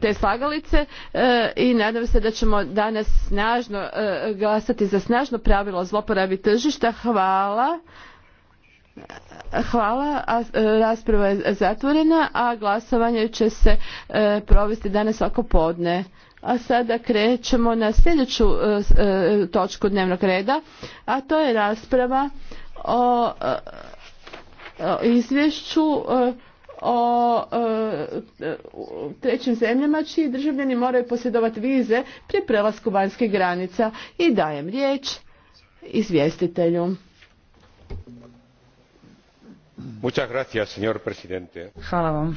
te slagalice e, i nadam se da ćemo danas snažno e, glasati za snažno pravilo o zloporabi tržišta. Hvala. Hvala. E, rasprava je zatvorena, a glasovanje će se provesti danas oko podne. A sada krećemo na sljedeću točku dnevnog reda, a to je rasprava o, izvješću o e, trećim zemljama čiji državljani moraju posjedovati vize pri prelasku vanjske granica i dajem riječ izvjestitelju. Hvala vam,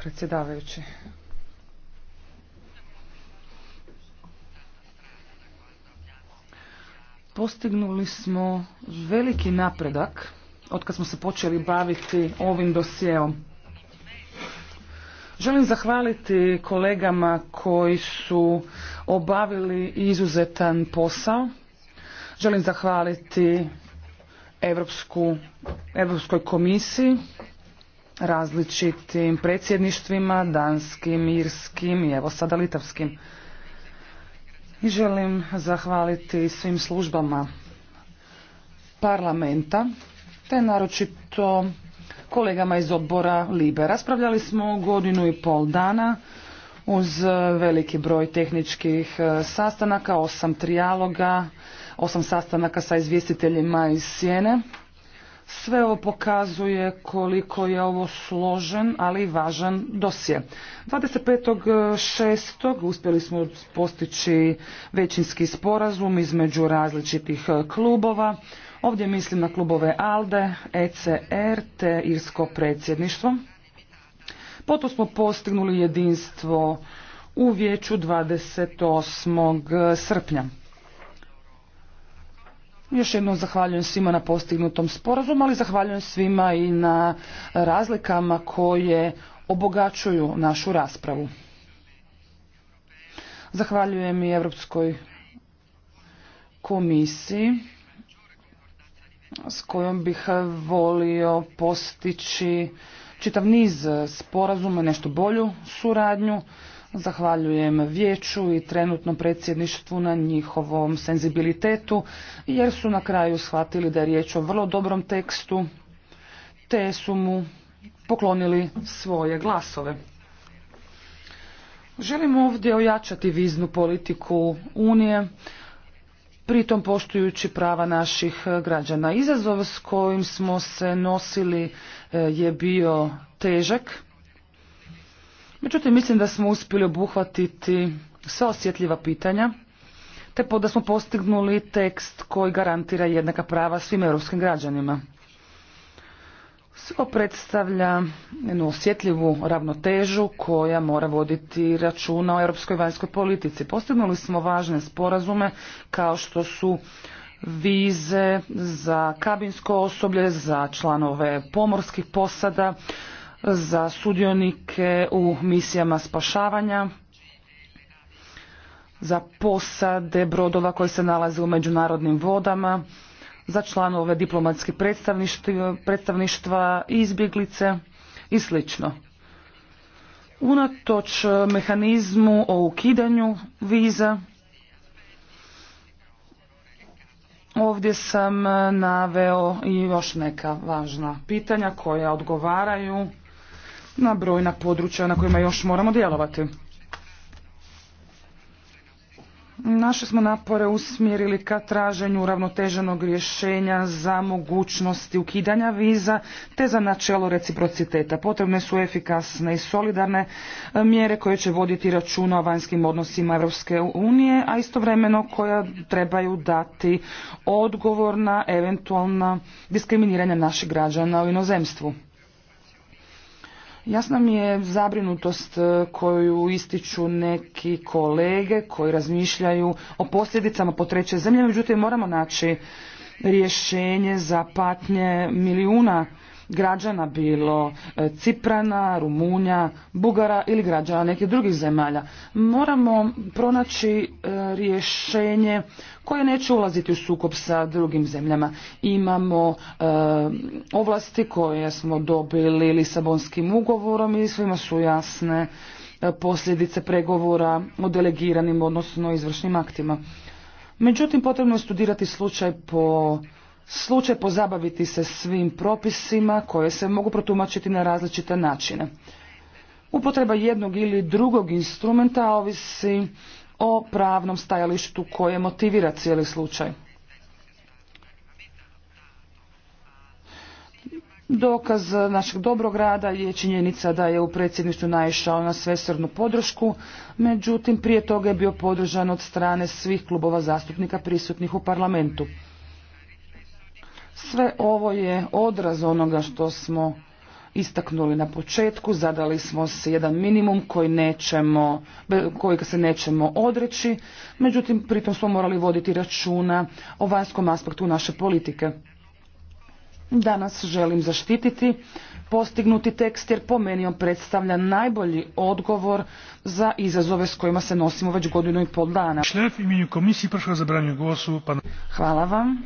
predsjedavajući. Postignuli smo veliki napredak kad smo se počeli baviti ovim dosjeom. Želim zahvaliti kolegama koji su obavili izuzetan posao. Želim zahvaliti Europsku, Europskoj komisiji, različitim predsjedništvima, danskim, irskim i evo sada litavskim. I želim zahvaliti svim službama parlamenta ste, naročito kolegama iz odbora Libe. Raspravljali smo godinu i pol dana uz veliki broj tehničkih e, sastanaka, osam trijaloga, osam sastanaka sa izvjestiteljima iz Sjene. Sve ovo pokazuje koliko je ovo složen, ali i važan dosje. 25.6. uspjeli smo postići većinski sporazum između različitih klubova. Ovdje mislim na klubove ALDE, ECR te Irsko predsjedništvo. Potom smo postignuli jedinstvo u vijeću 28. srpnja. Još jednom zahvaljujem svima na postignutom sporazumu, ali zahvaljujem svima i na razlikama koje obogaćuju našu raspravu. Zahvaljujem i Europskoj komisiji s kojom bih volio postići čitav niz sporazuma, nešto bolju suradnju. Zahvaljujem vijeću i trenutnom predsjedništvu na njihovom senzibilitetu, jer su na kraju shvatili da je riječ o vrlo dobrom tekstu, te su mu poklonili svoje glasove. Želim ovdje ojačati viznu politiku Unije, pritom poštujući prava naših eh, građana. Izazov s kojim smo se nosili eh, je bio težak. Međutim, mislim da smo uspjeli obuhvatiti sva osjetljiva pitanja, te da smo postignuli tekst koji garantira jednaka prava svim europskim građanima. Sve predstavlja jednu osjetljivu ravnotežu koja mora voditi računa o europskoj vanjskoj politici. Postignuli smo važne sporazume kao što su vize za kabinsko osoblje, za članove pomorskih posada, za sudionike u misijama spašavanja, za posade brodova koji se nalaze u međunarodnim vodama, za članove diplomatskih predstavništva, izbjeglice i sl. Unatoč mehanizmu o ukidanju viza, ovdje sam naveo i još neka važna pitanja koja odgovaraju na brojna područja na kojima još moramo djelovati. Naše smo napore usmjerili ka traženju uravnoteženog rješenja za mogućnosti ukidanja viza te za načelo reciprociteta. Potrebne su efikasne i solidarne e, mjere koje će voditi računa o vanjskim odnosima Europske unije, a istovremeno koja trebaju dati odgovor na eventualna diskriminiranja naših građana u inozemstvu. Jasna mi je zabrinutost e, koju ističu neki kolege koji razmišljaju o posljedicama po treće zemlje, međutim moramo naći rješenje za patnje milijuna građana, bilo e, Ciprana, Rumunja, Bugara ili građana nekih drugih zemalja. Moramo pronaći e, rješenje koje neće ulaziti u sukob sa drugim zemljama. Imamo e, ovlasti koje smo dobili Lisabonskim ugovorom i svima su jasne posljedice pregovora o delegiranim, odnosno izvršnim aktima. Međutim, potrebno je studirati slučaj po slučaj pozabaviti se svim propisima koje se mogu protumačiti na različite načine. Upotreba jednog ili drugog instrumenta ovisi o pravnom stajalištu koje motivira cijeli slučaj. Dokaz našeg dobrog rada je činjenica da je u predsjedništvu naišao na svesrnu podršku, međutim prije toga je bio podržan od strane svih klubova zastupnika prisutnih u parlamentu. Sve ovo je odraz onoga što smo istaknuli na početku, zadali smo se jedan minimum koji nećemo, kojeg se nećemo odreći, međutim pritom smo morali voditi računa o vanjskom aspektu naše politike. Danas želim zaštititi postignuti tekst jer po meni on predstavlja najbolji odgovor za izazove s kojima se nosimo već godinu i pol dana. Hvala vam.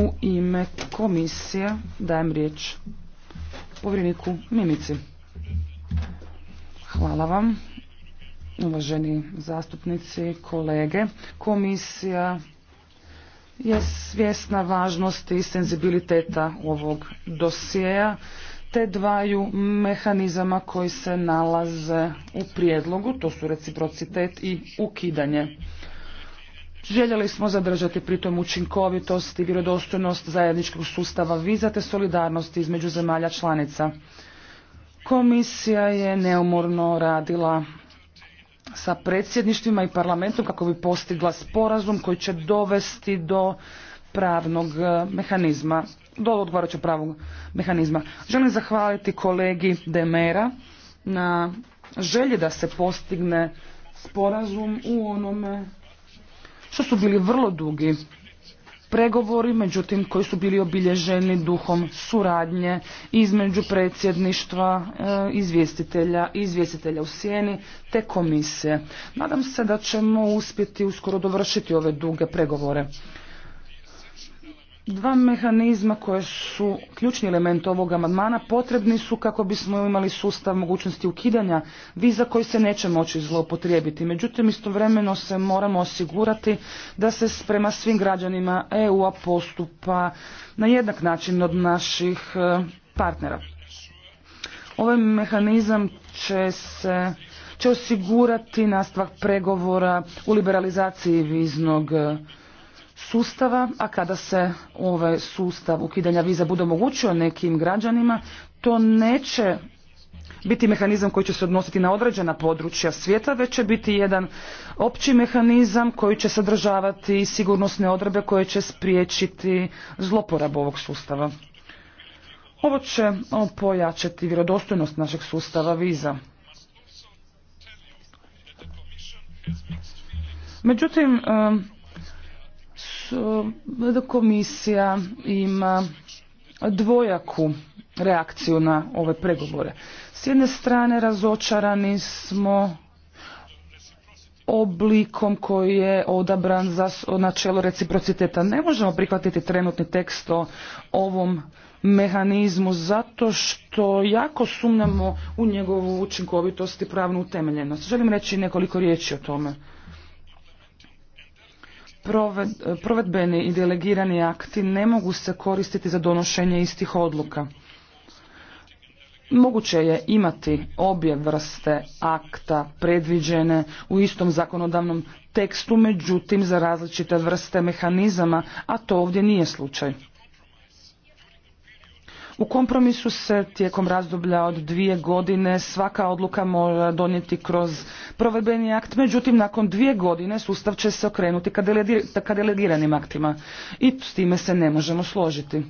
U ime komisije dajem riječ povjereniku Mimici. Hvala vam. Uvaženi zastupnici, kolege, komisija je svjesna važnosti i senzibiliteta ovog dosijeja te dvaju mehanizama koji se nalaze u prijedlogu, to su reciprocitet i ukidanje. Željeli smo zadržati pritom učinkovitost i vjerodostojnost zajedničkog sustava viza te solidarnosti između zemalja članica. Komisija je neumorno radila sa predsjedništvima i parlamentom kako bi postigla sporazum koji će dovesti do pravnog e, mehanizma, do odgovarajućeg pravnog mehanizma. Želim zahvaliti kolegi Demera na želji da se postigne sporazum u onome što su bili vrlo dugi pregovori, međutim koji su bili obilježeni duhom suradnje između predsjedništva, e, izvjestitelja, izvjestitelja u sjeni te komisije. Nadam se da ćemo uspjeti uskoro dovršiti ove duge pregovore. Dva mehanizma koje su ključni element ovog amandmana potrebni su kako bismo imali sustav mogućnosti ukidanja viza koji se neće moći zloupotrijebiti. Međutim, istovremeno se moramo osigurati da se prema svim građanima EU-a postupa na jednak način od naših e, partnera. Ovaj mehanizam će se će osigurati nastavak pregovora u liberalizaciji viznog e, sustava, a kada se ovaj sustav ukidanja viza bude omogućio nekim građanima, to neće biti mehanizam koji će se odnositi na određena područja svijeta, već će biti jedan opći mehanizam koji će sadržavati sigurnosne odrebe koje će spriječiti zloporabu ovog sustava. Ovo će pojačati vjerodostojnost našeg sustava viza. Međutim, komisija ima dvojaku reakciju na ove pregovore. S jedne strane razočarani smo oblikom koji je odabran za načelo reciprociteta. Ne možemo prihvatiti trenutni tekst o ovom mehanizmu zato što jako sumnjamo u njegovu učinkovitost i pravnu utemeljenost. Želim reći nekoliko riječi o tome provedbeni i delegirani akti ne mogu se koristiti za donošenje istih odluka. Moguće je imati obje vrste akta predviđene u istom zakonodavnom tekstu, međutim za različite vrste mehanizama, a to ovdje nije slučaj. U kompromisu se tijekom razdoblja od dvije godine svaka odluka mora donijeti kroz provedbeni akt, međutim nakon dvije godine sustav će se okrenuti ka delegiranim aktima i s time se ne možemo složiti.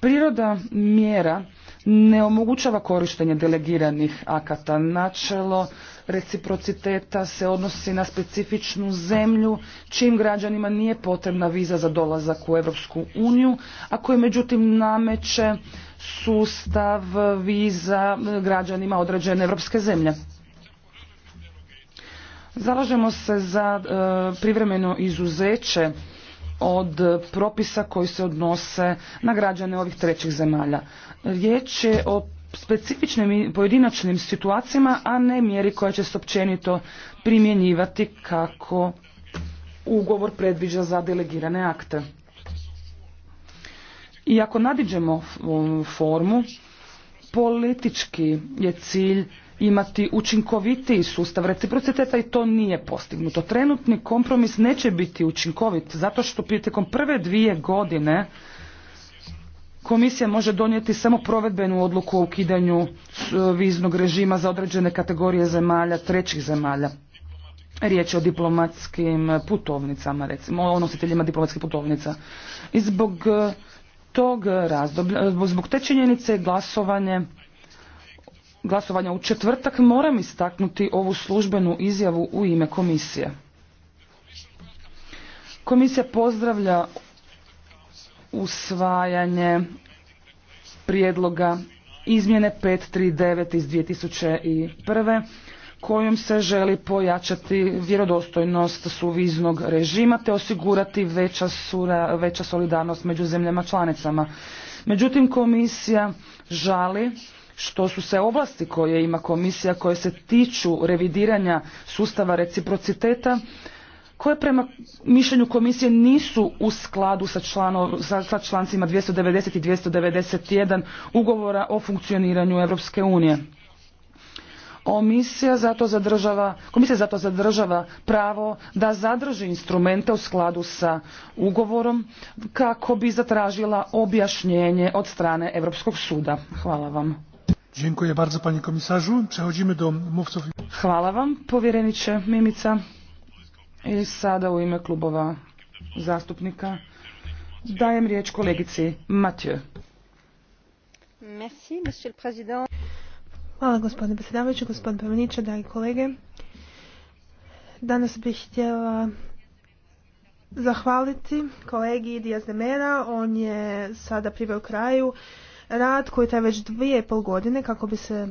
Priroda mjera ne omogućava korištenje delegiranih akata. Načelo reciprociteta se odnosi na specifičnu zemlju čim građanima nije potrebna viza za dolazak u Europsku uniju, a koji međutim nameće sustav viza građanima određene europske zemlje. Zalažemo se za e, privremeno izuzeće od propisa koji se odnose na građane ovih trećih zemalja. Riječ je o specifičnim i pojedinačnim situacijama, a ne mjeri koja će se općenito primjenjivati kako ugovor predviđa za delegirane akte. I ako nadiđemo formu, politički je cilj imati učinkovitiji sustav reciprociteta i to nije postignuto. Trenutni kompromis neće biti učinkovit zato što prije tijekom prve dvije godine komisija može donijeti samo provedbenu odluku o ukidanju e, viznog režima za određene kategorije zemalja, trećih zemalja. Riječ je o diplomatskim putovnicama, recimo, o nositeljima diplomatskih putovnica. I zbog e, tog razdoblja, e, zbog te činjenice glasovanje glasovanja u četvrtak moram istaknuti ovu službenu izjavu u ime komisije. Komisija pozdravlja usvajanje prijedloga izmjene 539 iz 2001. kojom se želi pojačati vjerodostojnost suviznog režima te osigurati veća, veća solidarnost među zemljama članicama. Međutim, komisija žali što su se ovlasti koje ima komisija koje se tiču revidiranja sustava reciprociteta koje prema mišljenju komisije nisu u skladu sa, člano, sa, člancima 290 i 291 ugovora o funkcioniranju Europske unije. Komisija zato zadržava, komisija zato pravo da zadrži instrumente u skladu sa ugovorom kako bi zatražila objašnjenje od strane Europskog suda. Hvala vam. Dziękuję bardzo komisarzu. Przechodzimy do mówców. Hvala vam povjereniče Mimica. I sada u ime klubova zastupnika dajem riječ kolegici Mathieu. Merci, monsieur le président. Hvala gospodine predsjedavajući, gospodine Pavliniče, dragi kolege. Danas bih htjela zahvaliti kolegi Diaz de Mera. On je sada priveo kraju rad koji traje već dvije i pol godine kako bi se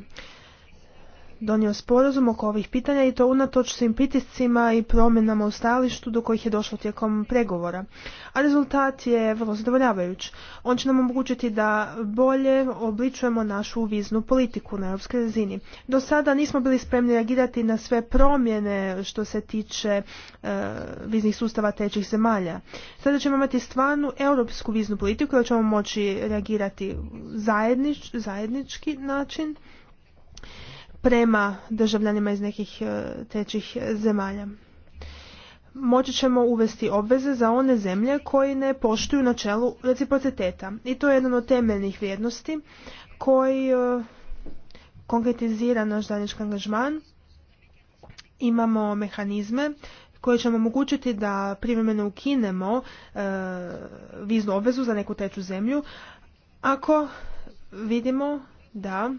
donio sporazum oko ovih pitanja i to unatoč svim pritiscima i promjenama u stajalištu do kojih je došlo tijekom pregovora. A rezultat je vrlo zadovoljavajuć. On će nam omogućiti da bolje obličujemo našu viznu politiku na europskoj razini. Do sada nismo bili spremni reagirati na sve promjene što se tiče e, viznih sustava trećih zemalja. Sada ćemo imati stvarnu europsku viznu politiku jer ćemo moći reagirati zajednič, zajednički način prema državljanima iz nekih e, trećih e, zemalja. Moći ćemo uvesti obveze za one zemlje koji ne poštuju načelu reciprociteta. I to je jedan od temeljnih vrijednosti koji e, konkretizira naš zajednički angažman. Imamo mehanizme koje ćemo omogućiti da privremeno ukinemo viznu obvezu za neku treću zemlju ako vidimo da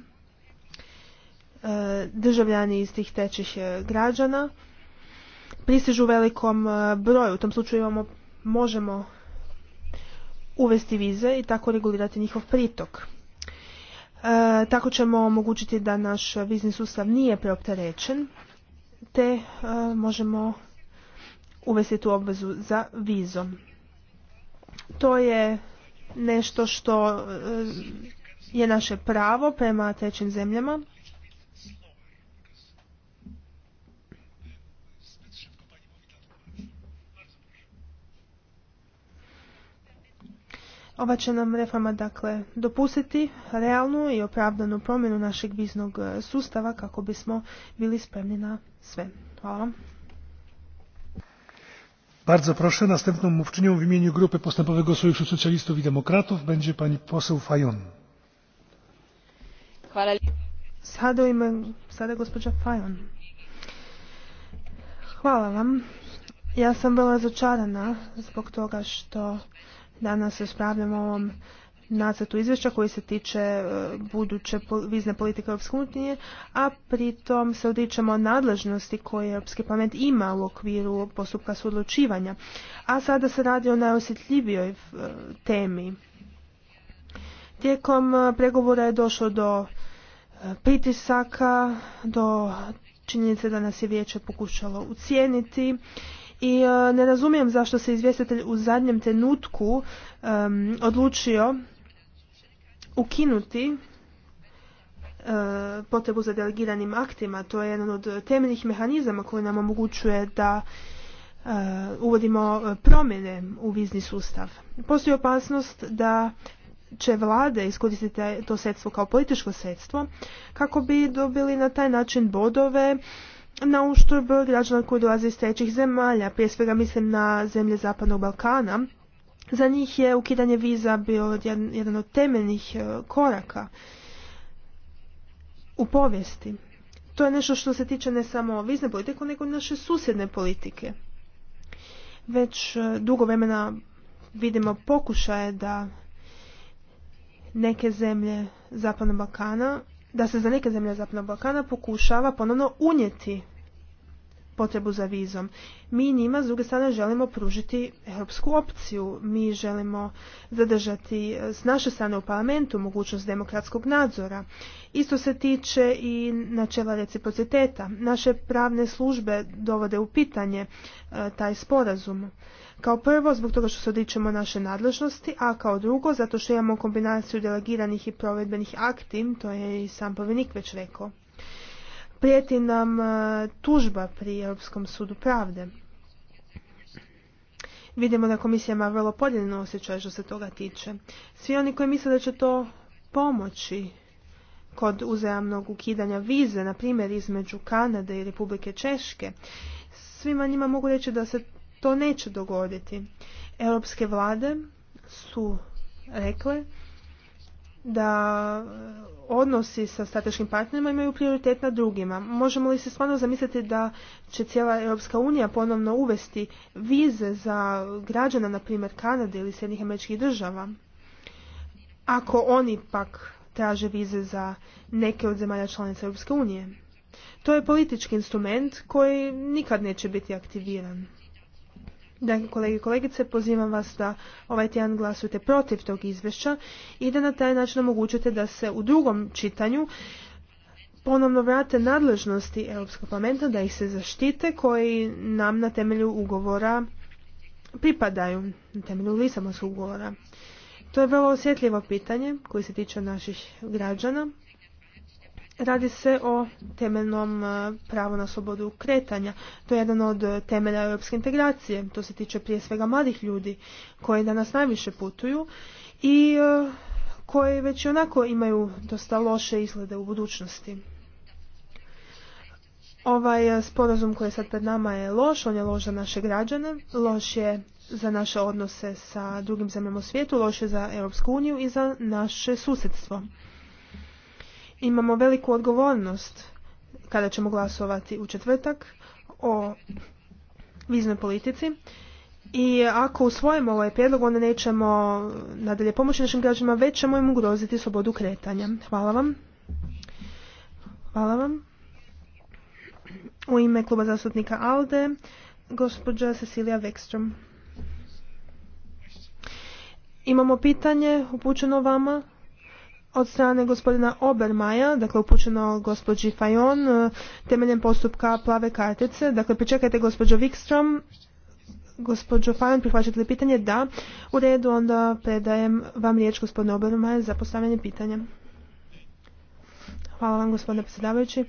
državljani iz tih trećih e, građana pristižu velikom e, broju. U tom slučaju možemo uvesti vize i tako regulirati njihov pritok. E, tako ćemo omogućiti da naš vizni sustav nije preopterećen, te možemo uvesti tu obvezu za vizom. To je nešto što je naše pravo prema trećim zemljama Ova će nam reforma dakle dopustiti realnu i opravdanu promjenu našeg biznog e, sustava kako bismo bili spremni na sve. Hvala. Bardzo proszę, następną mówczynią w imieniu Grupy Postępowego Sojuszu Socjalistów i Demokratów będzie pani poseł Fajon. Chwała Sada sada Fajon. Ja sam bila začarana zbog toga że Danas raspravljamo o ovom nacrtu izvješća koji se tiče e, buduće vizne politike Europske unije, a pritom se odričemo nadležnosti koje Europski parlament ima u okviru postupka suodlučivanja. A sada se radi o najosjetljivijoj e, temi. Tijekom e, pregovora je došlo do pritisaka, do činjenice da nas je vijeće pokušalo ucijeniti i e, ne razumijem zašto se izvjestitelj u zadnjem trenutku odlučio ukinuti e, potrebu za delegiranim aktima. To je jedan od temeljnih mehanizama koji nam omogućuje da e, uvodimo promjene u vizni sustav. Postoji opasnost da će vlade iskoristiti to sredstvo kao političko sredstvo kako bi dobili na taj način bodove na uštrb građana koji dolaze iz trećih zemalja, prije svega mislim na zemlje Zapadnog Balkana. Za njih je ukidanje viza bio jedan od temeljnih e, koraka u povijesti. To je nešto što se tiče ne samo vizne politike, nego i naše susjedne politike. Već e, dugo vremena vidimo pokušaje da neke zemlje Zapadnog Balkana da se za neke zemlje Zapadnog Balkana pokušava ponovno unijeti potrebu za vizom. Mi njima s druge strane želimo pružiti europsku opciju, mi želimo zadržati e, s naše strane u parlamentu mogućnost demokratskog nadzora. Isto se tiče i načela reciprociteta. Naše pravne službe dovode u pitanje e, taj sporazum. Kao prvo, zbog toga što se odričemo naše nadležnosti, a kao drugo, zato što imamo kombinaciju delegiranih i provedbenih akti, to je i sam povjerenik već rekao. Prijeti nam e, tužba pri Europskom sudu pravde. Vidimo da komisija ima vrlo podijeljeno osjećaj što se toga tiče. Svi oni koji misle da će to pomoći kod uzajamnog ukidanja vize, na primjer između Kanade i Republike Češke, svima njima mogu reći da se to neće dogoditi. Europske vlade su rekle da odnosi sa strateškim partnerima imaju prioritet na drugima. Možemo li se stvarno zamisliti da će cijela Europska unija ponovno uvesti vize za građana, na primjer Kanade ili Sjednih američkih država? Ako oni pak traže vize za neke od zemalja članica Europske unije. To je politički instrument koji nikad neće biti aktiviran. Dakle, kolege i kolegice, pozivam vas da ovaj tjedan glasujete protiv tog izvješća i da na taj način omogućite da se u drugom čitanju ponovno vrate nadležnosti Europskog parlamenta, da ih se zaštite koji nam na temelju ugovora pripadaju, na temelju Lisabonskog ugovora. To je vrlo osjetljivo pitanje koje se tiče naših građana Radi se o temeljnom e, pravu na slobodu kretanja. To je jedan od temelja europske integracije. To se tiče prije svega mladih ljudi koji danas najviše putuju i e, koji već i onako imaju dosta loše izglede u budućnosti. Ovaj e, sporazum koji je sad pred nama je loš, on je loš za naše građane, loš je za naše odnose sa drugim zemljama u svijetu, loš je za Europsku uniju i za naše susjedstvo imamo veliku odgovornost kada ćemo glasovati u četvrtak o viznoj politici. I ako usvojimo ovaj prijedlog, onda nećemo nadalje pomoći našim građanima, već ćemo im ugroziti slobodu kretanja. Hvala vam. Hvala vam. U ime kluba zastupnika ALDE, gospođa Cecilia Wextrom. Imamo pitanje upućeno vama od strane gospodina Obermaja, dakle upućeno gospođi Fajon, e, temeljem postupka plave kartice. Dakle, pričekajte gospođo Wikström, gospođo Fajon, prihvaćate li pitanje? Da. U redu, onda predajem vam riječ gospodine obermaja za postavljanje pitanja. Hvala vam gospodine predsjedavajući.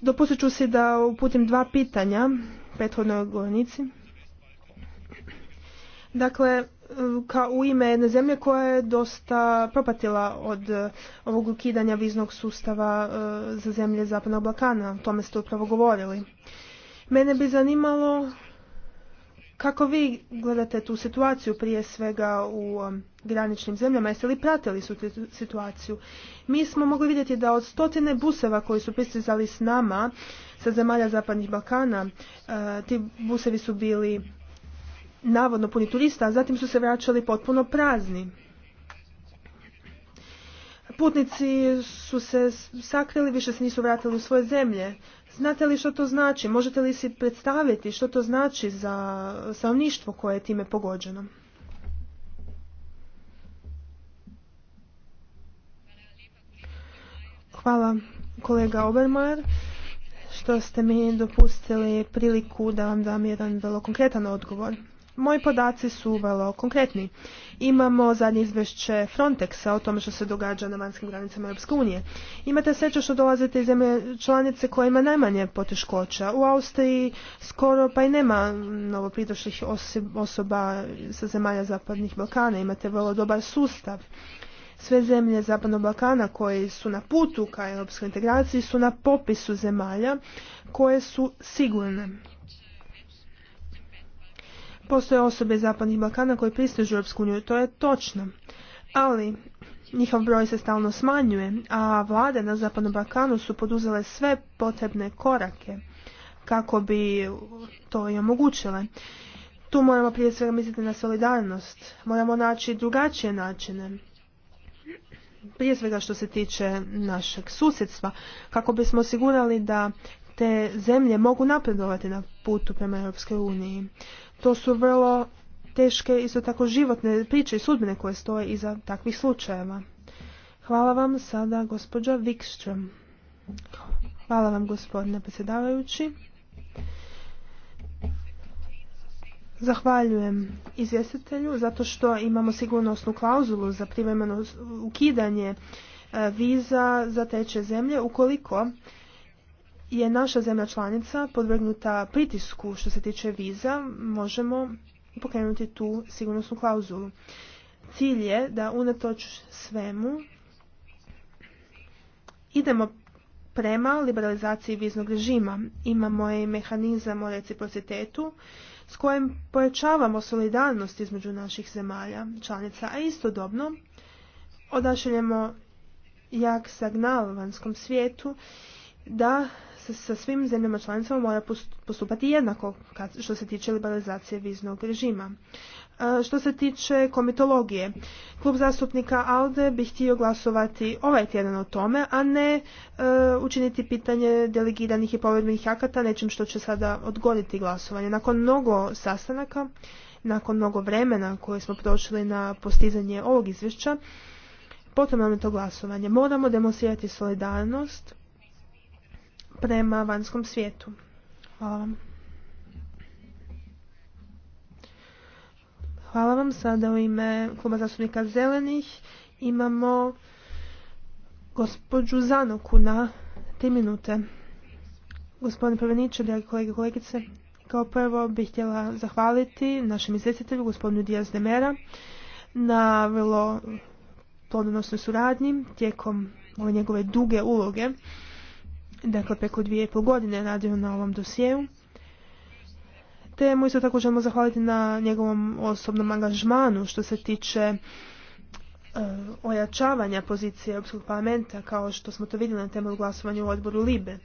dopustit ću si da uputim dva pitanja prethodnoj govornici. Dakle, ka u ime jedne zemlje koja je dosta propatila od e, ovog ukidanja viznog sustava e, za zemlje Zapadnog Balkana. O tome ste upravo govorili. Mene bi zanimalo kako vi gledate tu situaciju prije svega u e, graničnim zemljama? Jeste li pratili su situaciju? Mi smo mogli vidjeti da od stotine buseva koji su pristizali s nama, sa zemalja Zapadnih Balkana, ti busevi su bili navodno puni turista, a zatim su se vraćali potpuno prazni. Putnici su se sakrili, više se nisu vratili u svoje zemlje. Znate li što to znači? Možete li si predstaviti što to znači za stanovništvo koje je time pogođeno? Hvala kolega Obermajer što ste mi dopustili priliku da vam dam jedan vrlo konkretan odgovor. Moji podaci su vrlo konkretni. Imamo zadnje izvješće Frontexa o tome što se događa na vanjskim granicama Europske unije. Imate sreću što dolazite iz zemlje članice koja ima najmanje poteškoća. U Austriji skoro pa i nema novopridošlih osoba sa zemalja Zapadnih Balkana. Imate vrlo dobar sustav. Sve zemlje Zapadnog Balkana koje su na putu ka europskoj integraciji su na popisu zemalja koje su sigurne. Postoje osobe iz Zapadnih Balkana koje pristižu Europsku uniju, to je točno. Ali njihov broj se stalno smanjuje, a vlade na Zapadnom Balkanu su poduzele sve potrebne korake kako bi to i omogućile. Tu moramo prije svega misliti na solidarnost, moramo naći drugačije načine. Prije svega što se tiče našeg susjedstva, kako bismo osigurali da te zemlje mogu napredovati na putu prema Europskoj uniji. To su vrlo teške, isto tako životne priče i sudbine koje stoje iza takvih slučajeva. Hvala vam sada gospođa Wikström. Hvala vam gospodine predsjedavajući. Zahvaljujem izvjestitelju zato što imamo sigurnosnu klauzulu za privremeno ukidanje e, viza za treće zemlje ukoliko je naša zemlja članica podvrgnuta pritisku što se tiče viza, možemo pokrenuti tu sigurnosnu klauzulu. Cilj je da unatoč svemu idemo prema liberalizaciji viznog režima. Imamo i mehanizam o reciprocitetu s kojim pojačavamo solidarnost između naših zemalja članica, a istodobno odašiljemo jak signal vanjskom svijetu da sa svim zemljama članicama mora postupati jednako što se tiče liberalizacije viznog režima. E, što se tiče komitologije, klub zastupnika ALDE bi htio glasovati ovaj tjedan o tome, a ne e, učiniti pitanje delegiranih i povedbenih akata nečim što će sada odgoditi glasovanje. Nakon mnogo sastanaka, nakon mnogo vremena koje smo prošli na postizanje ovog izvješća, potrebno je to glasovanje. Moramo demonstrirati solidarnost prema vanjskom svijetu. Hvala vam. Hvala vam. Sada u ime Kluba zastupnika Zelenih imamo gospođu Zanoku na te minute. Gospodine Prveniče, dragi kolege i kolegice, kao prvo bih htjela zahvaliti našem izvjestitelju, gospodinu Dijaz Demera, na vrlo plodonosnoj suradnji tijekom ove njegove duge uloge dakle preko dvije i pol godine radio na ovom dosjeu. Te mu isto tako želimo zahvaliti na njegovom osobnom angažmanu što se tiče e, ojačavanja pozicije Europskog parlamenta kao što smo to vidjeli na temelju glasovanja u odboru Libe.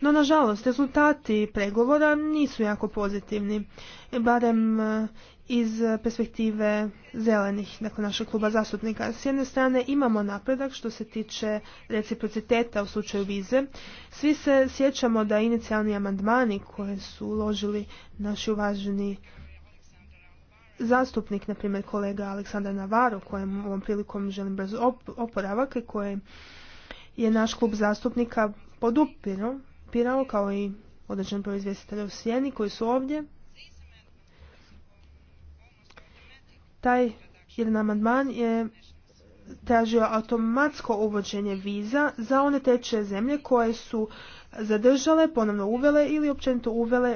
No, nažalost, rezultati pregovora nisu jako pozitivni. E, barem e, iz eh, perspektive zelenih, dakle našeg kluba zastupnika. S jedne strane imamo napredak što se tiče reciprociteta u slučaju vize. Svi se sjećamo da inicijalni amandmani koje su uložili naši uvaženi zastupnik, na primjer kolega Aleksandar Navaro, kojem ovom prilikom želim brzo oporavak i koje je naš klub zastupnika podupirao, kao i određen proizvjestitelj u Sjeni koji su ovdje, Taj jedan amandman je tražio automatsko uvođenje viza za one teče zemlje koje su zadržale, ponovno uvele ili općenito uvele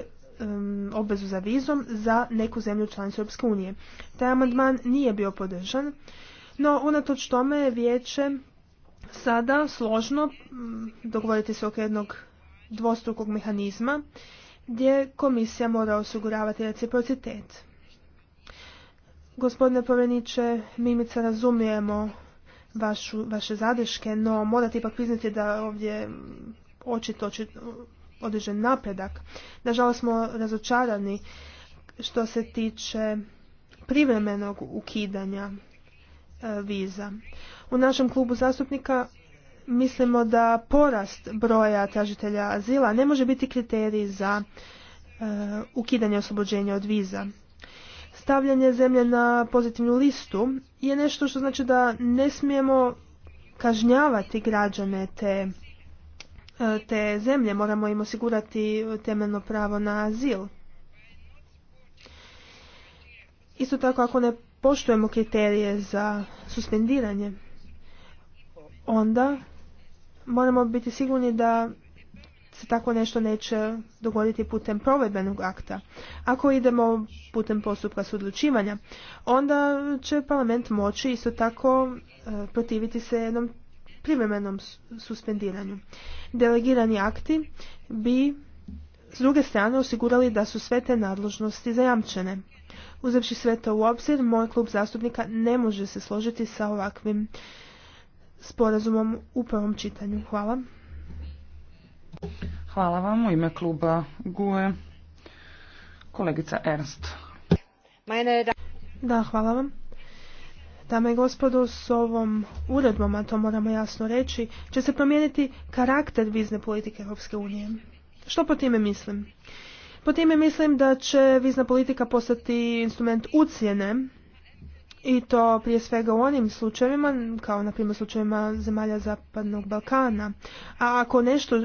obvezu za vizom za neku zemlju članicu Europske unije. Taj amandman nije bio podržan, no unatoč tome je vijeće sada složno dogovoriti se oko jednog dvostrukog mehanizma gdje komisija mora osiguravati reciprocitet. Gospodine mi Mimica, razumijemo vašu, vaše zadeške, no morate ipak priznati da ovdje očito, očito određen napredak. Nažalost smo razočarani što se tiče privremenog ukidanja e, viza. U našem klubu zastupnika mislimo da porast broja tražitelja azila ne može biti kriterij za e, ukidanje oslobođenja od viza stavljanje zemlje na pozitivnu listu je nešto što znači da ne smijemo kažnjavati građane te, e, te zemlje, moramo im osigurati temeljno pravo na azil. Isto tako ako ne poštujemo kriterije za suspendiranje, onda moramo biti sigurni da se tako nešto neće dogoditi putem provedbenog akta. Ako idemo putem postupka sudlučivanja, onda će parlament moći isto tako e, protiviti se jednom privremenom suspendiranju. Delegirani akti bi s druge strane osigurali da su sve te nadložnosti zajamčene. Uzevši sve to u obzir, moj klub zastupnika ne može se složiti sa ovakvim sporazumom u prvom čitanju. Hvala. Hvala vam. U ime kluba GUE, kolegica Ernst. Da, hvala vam. Dame i gospodo, s ovom uredbom, a to moramo jasno reći, će se promijeniti karakter vizne politike Europske unije. Što po time mislim? Po time mislim da će vizna politika postati instrument ucijene i to prije svega u onim slučajevima, kao na primjer slučajevima zemalja Zapadnog Balkana. A ako nešto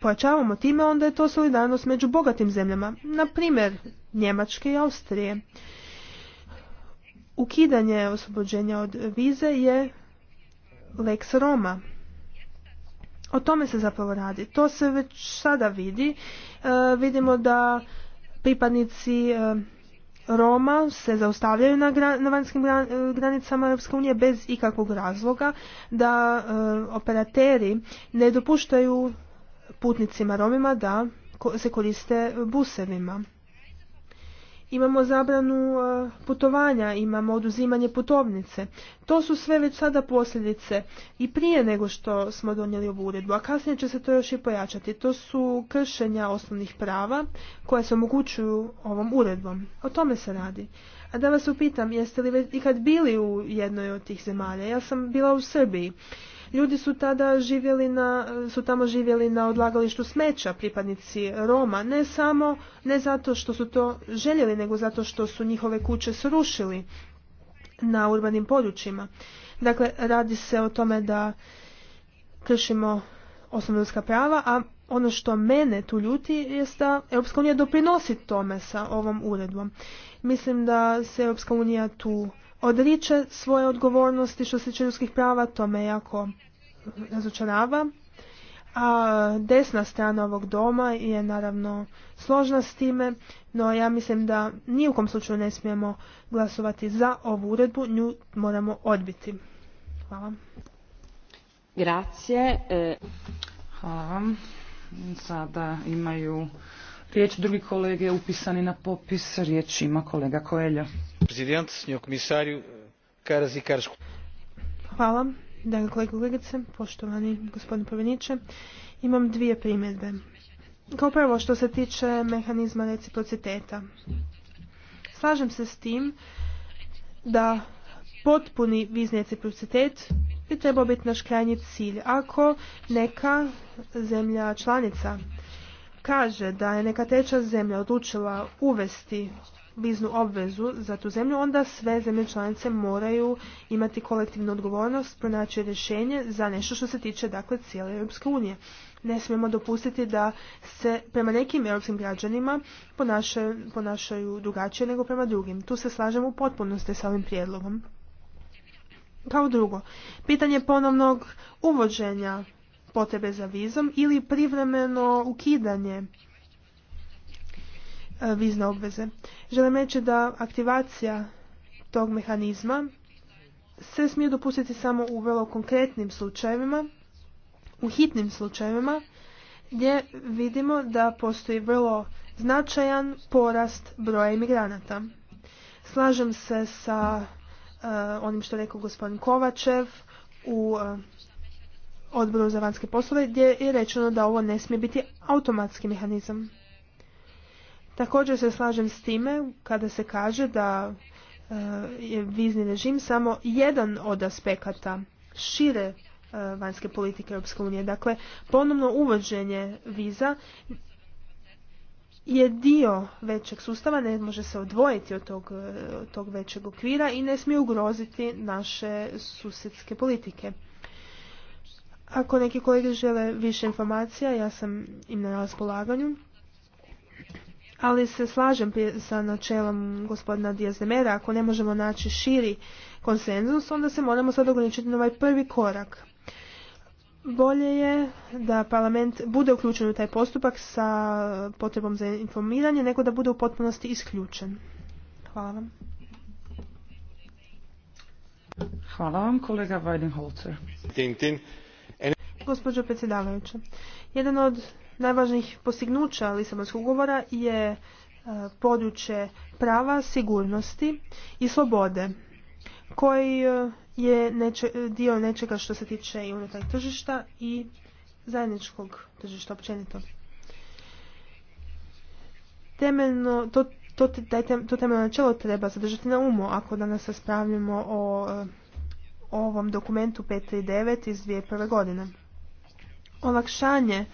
pojačavamo time, onda je to solidarnost među bogatim zemljama, na primjer Njemačke i Austrije. Ukidanje oslobođenja od vize je Lex Roma. O tome se zapravo radi. To se već sada vidi. E, vidimo da pripadnici e, Roma se zaustavljaju na, na vanjskim granicama Europske unije bez ikakvog razloga, da e, operateri ne dopuštaju putnicima Romima da se koriste busevima. Imamo zabranu e, putovanja, imamo oduzimanje putovnice. To su sve već sada posljedice i prije nego što smo donijeli ovu uredbu, a kasnije će se to još i pojačati. To su kršenja osnovnih prava koja se omogućuju ovom uredbom. O tome se radi. A da vas upitam, jeste li ikad bili u jednoj od tih zemalja? Ja sam bila u Srbiji Ljudi su tada živjeli na, su tamo živjeli na odlagalištu smeća, pripadnici Roma, ne samo, ne zato što su to željeli, nego zato što su njihove kuće srušili na urbanim područjima. Dakle, radi se o tome da kršimo osnovna ljudska prava, a ono što mene tu ljuti je da Europska unija doprinosi tome sa ovom uredbom. Mislim da se Europska unija tu odriče svoje odgovornosti što se ljudskih prava, to me jako razočarava. A desna strana ovog doma je naravno složna s time, no ja mislim da nijukom slučaju ne smijemo glasovati za ovu uredbu, nju moramo odbiti. Hvala. Grazie. E- Hvala Sada imaju riječ. Drugi kolege upisani na popis. Riječ ima kolega Koelja. Prezident, senjor komisariju, i Hvala. Dragi kolege kolegice, poštovani gospodine Proveniće. imam dvije primjedbe. Kao prvo što se tiče mehanizma reciprociteta. Slažem se s tim da potpuni vizni reciprocitet bi trebao biti naš krajnji cilj. Ako neka zemlja članica kaže da je neka treća zemlja odlučila uvesti biznu obvezu za tu zemlju, onda sve zemlje članice moraju imati kolektivnu odgovornost, pronaći rješenje za nešto što se tiče dakle cijele Europske unije. Ne smijemo dopustiti da se prema nekim europskim građanima ponašaju, drugačije nego prema drugim. Tu se slažemo u potpunosti sa ovim prijedlogom. Kao drugo, pitanje ponovnog uvođenja potrebe za vizom ili privremeno ukidanje e, vizne obveze. Želim reći da aktivacija tog mehanizma se smije dopustiti samo u vrlo konkretnim slučajevima, u hitnim slučajevima, gdje vidimo da postoji vrlo značajan porast broja imigranata. Slažem se sa e, onim što rekao gospodin Kovačev u e, odboru za vanjske poslove gdje je rečeno da ovo ne smije biti automatski mehanizam. Također se slažem s time kada se kaže da e, je vizni režim samo jedan od aspekata šire e, vanjske politike Europske unije. Dakle, ponovno uvođenje viza je dio većeg sustava, ne može se odvojiti od tog, e, od tog većeg okvira i ne smije ugroziti naše susjedske politike. Ako neki kolege žele više informacija, ja sam im na raspolaganju. Ali se slažem sa načelom gospodina Dijazdemera, ako ne možemo naći širi konsenzus, onda se moramo sad ograničiti na ovaj prvi korak. Bolje je da parlament bude uključen u taj postupak sa potrebom za informiranje, nego da bude u potpunosti isključen. Hvala vam. Hvala vam, kolega Weidenholzer. Gospođo predsjedavajuća, jedan od najvažnijih postignuća Lisabonskog ugovora je e, područje prava, sigurnosti i slobode koji e, je neče, dio nečega što se tiče i unutarnjeg tržišta i zajedničkog tržišta općenito. Temeljno, to, to, to temeljno načelo treba zadržati na umu ako danas raspravljamo o, o e, ovom dokumentu 5.9 iz 2001. godine olakšanje e,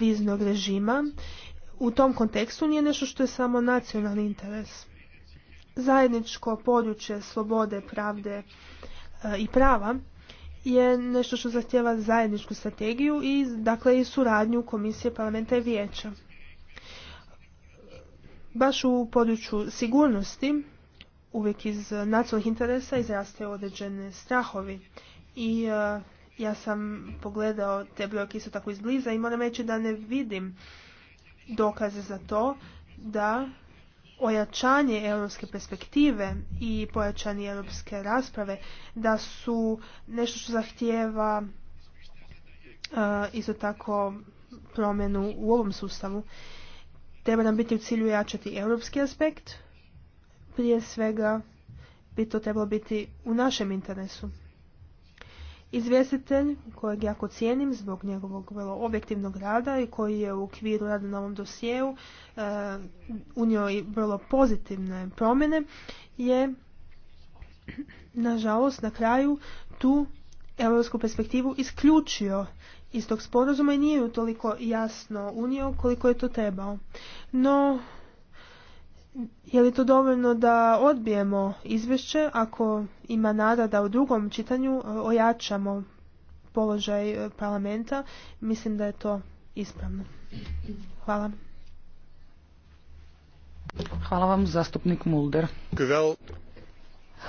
viznog režima u tom kontekstu nije nešto što je samo nacionalni interes. Zajedničko područje slobode, pravde e, i prava je nešto što zahtjeva zajedničku strategiju i dakle i suradnju Komisije parlamenta i vijeća. Baš u području sigurnosti uvijek iz nacionalnih interesa izraste određene strahovi i e, ja sam pogledao te brojke isto tako izbliza i moram reći da ne vidim dokaze za to da ojačanje europske perspektive i pojačanje europske rasprave da su nešto što zahtijeva e, isto tako promjenu u ovom sustavu. Treba nam biti u cilju jačati europski aspekt. Prije svega bi to trebalo biti u našem interesu. Izvjestitelj, kojeg jako cijenim zbog njegovog vrlo objektivnog rada i koji je u okviru rada na ovom dosjeu eh, unio i vrlo pozitivne promjene, je nažalost na kraju tu europsku perspektivu isključio iz tog sporazuma i nije ju toliko jasno unio koliko je to trebao. No, je li to dovoljno da odbijemo izvješće ako ima nada da u drugom čitanju e, ojačamo položaj e, parlamenta? Mislim da je to ispravno. Hvala. Hvala vam, zastupnik Mulder.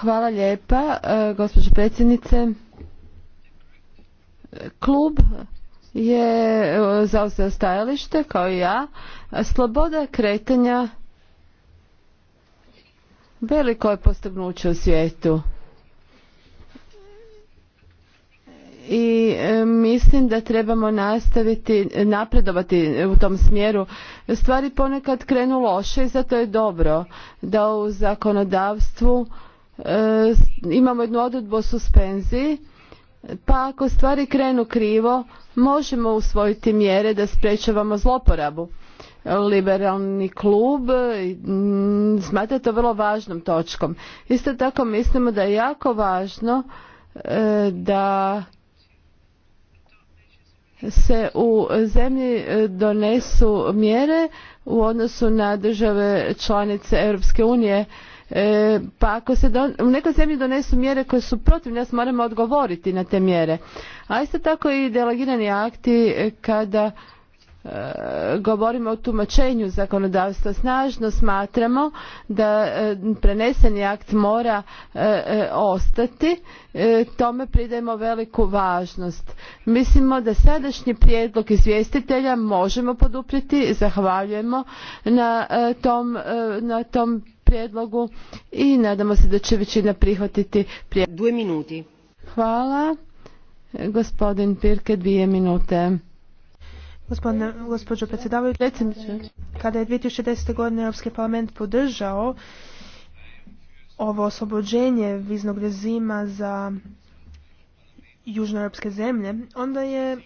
Hvala lijepa, e, gospođo predsjednice. Klub je zauzeo stajalište, kao i ja. Sloboda kretanja Veliko je postignuće u svijetu. i e, mislim da trebamo nastaviti napredovati u tom smjeru. Stvari ponekad krenu loše i zato je dobro da u zakonodavstvu e, imamo jednu odredbu o suspenziji pa ako stvari krenu krivo možemo usvojiti mjere da sprečavamo zloporabu liberalni klub mm, smatra to vrlo važnom točkom. Isto tako mislimo da je jako važno e, da se u zemlji e, donesu mjere u odnosu na države članice Europske unije e, pa ako se u nekoj zemlji donesu mjere koje su protiv nas moramo odgovoriti na te mjere a isto tako i delegirani akti kada E, govorimo o tumačenju zakonodavstva snažno smatramo da e, preneseni akt mora e, ostati tome pridajemo veliku važnost mislimo da sadašnji prijedlog izvjestitelja možemo poduprijeti zahvaljujemo na tom, na tom prijedlogu i nadamo se da će većina prihvatiti prijedlog. Hvala. Gospodin Pirke, dvije minute gospođo predsjedavajući, kada je 2010. godine Europski parlament podržao ovo oslobođenje viznog rezima za južnoeuropske zemlje, onda je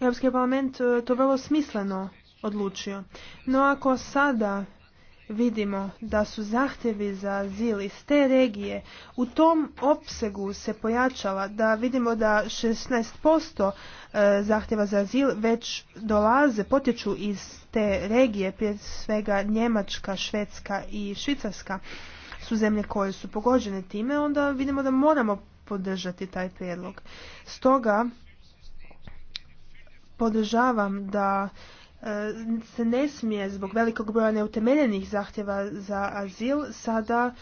Europski parlament eh, to vrlo smisleno odlučio. No ako sada vidimo da su zahtjevi za azil iz te regije u tom opsegu se pojačala, da vidimo da 16% e, zahtjeva za azil već dolaze, potječu iz te regije, prije svega Njemačka, Švedska i Švicarska su zemlje koje su pogođene time, onda vidimo da moramo podržati taj prijedlog. Stoga podržavam da E, se ne smije zbog velikog broja neutemeljenih zahtjeva za azil sada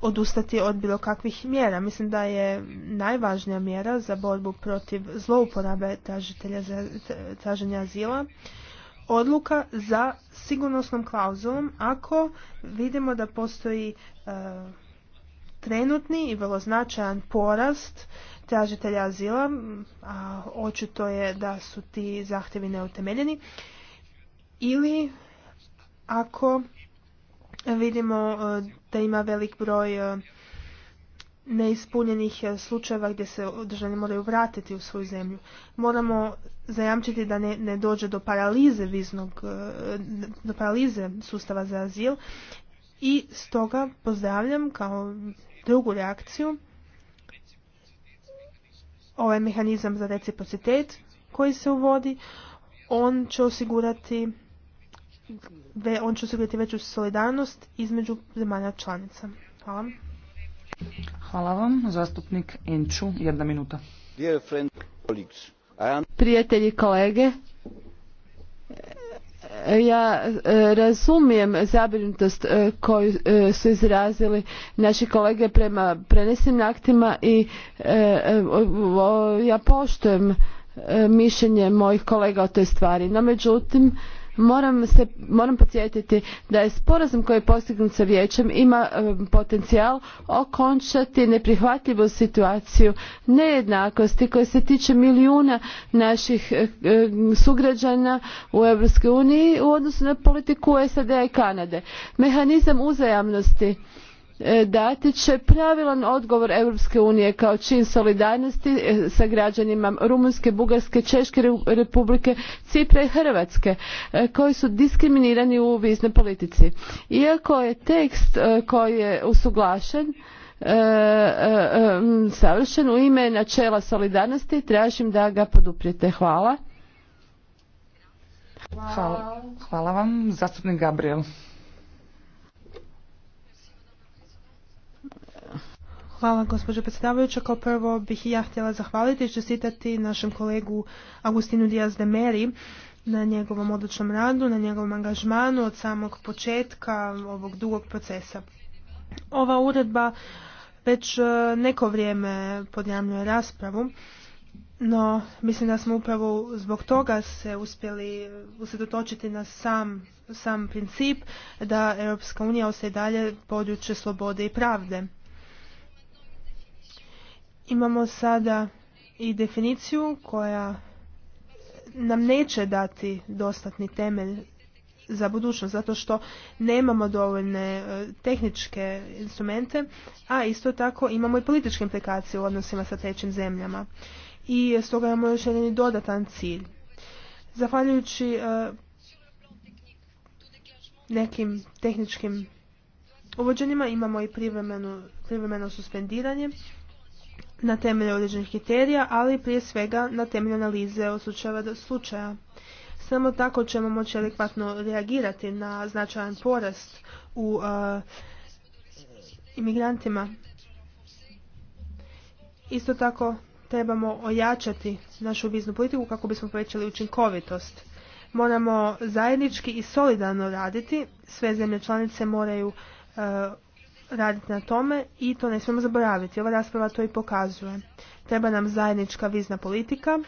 odustati od bilo kakvih mjera. Mislim da je najvažnija mjera za borbu protiv zlouporabe tražitelja za traženja azila odluka za sigurnosnom klauzulom ako vidimo da postoji e, trenutni i vrlo značajan porast tražitelja azila, a očito je da su ti zahtjevi neutemeljeni, ili ako vidimo e, da ima velik broj e, neispunjenih e, slučajeva gdje se državljani moraju vratiti u svoju zemlju. Moramo zajamčiti da ne, ne dođe do paralize viznog, do paralize sustava za azil i stoga pozdravljam kao drugu reakciju ovaj mehanizam za reciprocitet koji se uvodi, on će osigurati on će osigurati veću solidarnost između zemalja članica. Hvala. Hvala vam. Zastupnik Enču, jedna minuta. Prijatelji kolege, ja e, razumijem zabrinutost e, koju e, su izrazili naši kolege prema prenesenim aktima i ja poštujem mišljenje mojih kolega o toj stvari no međutim Moram, podsjetiti da je sporazum koji je postignut sa vijećem ima e, potencijal okončati neprihvatljivu situaciju nejednakosti koja se tiče milijuna naših e, e, sugrađana u Europskoj uniji u odnosu na politiku sad i Kanade. Mehanizam uzajamnosti E, dati će pravilan odgovor Europske unije kao čin solidarnosti e, sa građanima Rumunjske, Bugarske, Češke republike, Cipra i Hrvatske e, koji su diskriminirani u viznoj politici. Iako je tekst koji je usuglašen savršen u ime načela solidarnosti tražim da ga poduprijete. Hvala. Hvala. Hvala vam. Zastupnik Gabriel. Hvala gospođo predsjedavajuća. Kao prvo bih i ja htjela zahvaliti i čestitati našem kolegu Agustinu Diaz de Meri na njegovom odličnom radu, na njegovom angažmanu od samog početka ovog dugog procesa. Ova uredba već e, neko vrijeme podjavljuje raspravu, no mislim da smo upravo zbog toga se uspjeli usredotočiti na sam, sam princip da Europska unija ostaje dalje područje slobode i pravde. Imamo sada i definiciju koja nam neće dati dostatni temelj za budućnost, zato što nemamo dovoljne e, tehničke instrumente, a isto tako imamo i političke implikacije u odnosima sa trećim zemljama. I stoga imamo još jedan dodatan cilj. Zahvaljujući e, nekim tehničkim uvođenjima imamo i privremeno suspendiranje na temelju određenih kriterija, ali prije svega na temelju analize od slučaja do slučaja. Samo tako ćemo moći adekvatno reagirati na značajan porast u imigrantima. Isto tako trebamo ojačati našu viznu politiku kako bismo povećali učinkovitost. Moramo zajednički i solidarno raditi. Sve zemlje članice moraju raditi na tome i to ne smijemo zaboraviti. Ova rasprava to i pokazuje. Treba nam zajednička vizna politika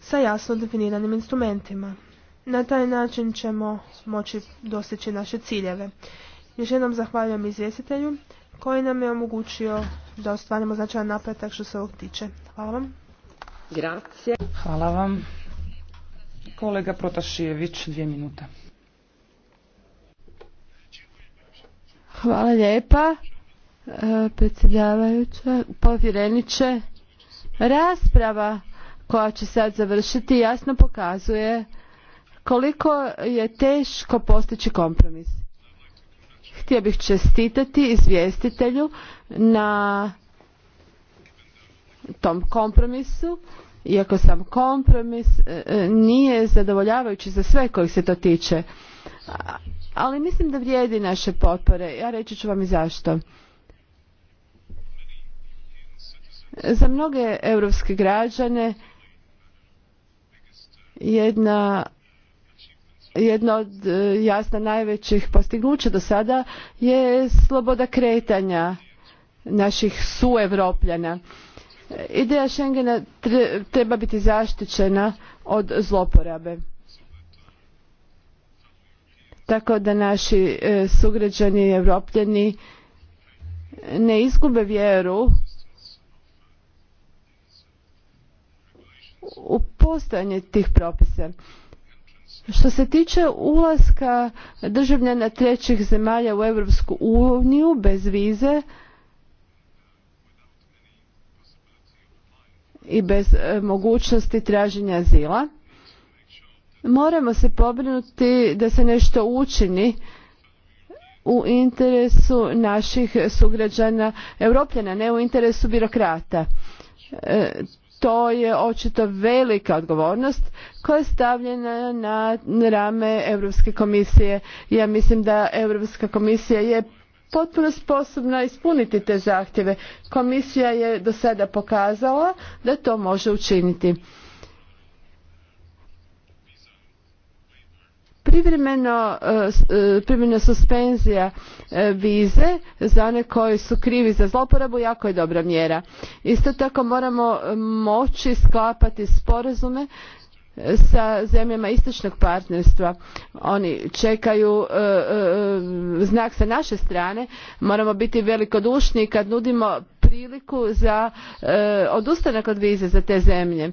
sa jasno definiranim instrumentima. Na taj način ćemo moći dostići naše ciljeve. Još jednom zahvaljujem izvjestitelju koji nam je omogućio da ostvarimo značajan napredak što se ovog tiče. Hvala vam. Grazie. Hvala vam. Kolega Protašijević, dvije minute. Hvala lijepa, e, predsjedavajuća, povjereniče. Rasprava koja će sad završiti jasno pokazuje koliko je teško postići kompromis. Htio bih čestitati izvjestitelju na tom kompromisu, iako sam kompromis e, e, nije zadovoljavajući za sve kojih se to tiče ali mislim da vrijedi naše potpore. Ja reći ću vam i zašto. Za mnoge europske građane jedna jedno od e, jasna najvećih postignuća do sada je sloboda kretanja naših suevropljana. Ideja Schengena treba biti zaštićena od zloporabe tako da naši e, sugrađani i europljani ne izgube vjeru u postojanje tih propisa. Što se tiče ulaska državljana trećih zemalja u Europsku uniju bez vize i bez e, mogućnosti traženja azila, moramo se pobrinuti da se nešto učini u interesu naših sugrađana europljana ne u interesu birokrata e, to je očito velika odgovornost koja je stavljena na rame europske komisije ja mislim da europska komisija je potpuno sposobna ispuniti te zahtjeve komisija je do sada pokazala da to može učiniti privremeno e, e, privremena suspenzija e, vize za one koji su krivi za zloporabu jako je dobra mjera isto tako moramo moći sklapati sporazume sa zemljama istočnog partnerstva oni čekaju znak sa naše strane moramo biti velikodušni kad nudimo priliku za odustanak od vize za te zemlje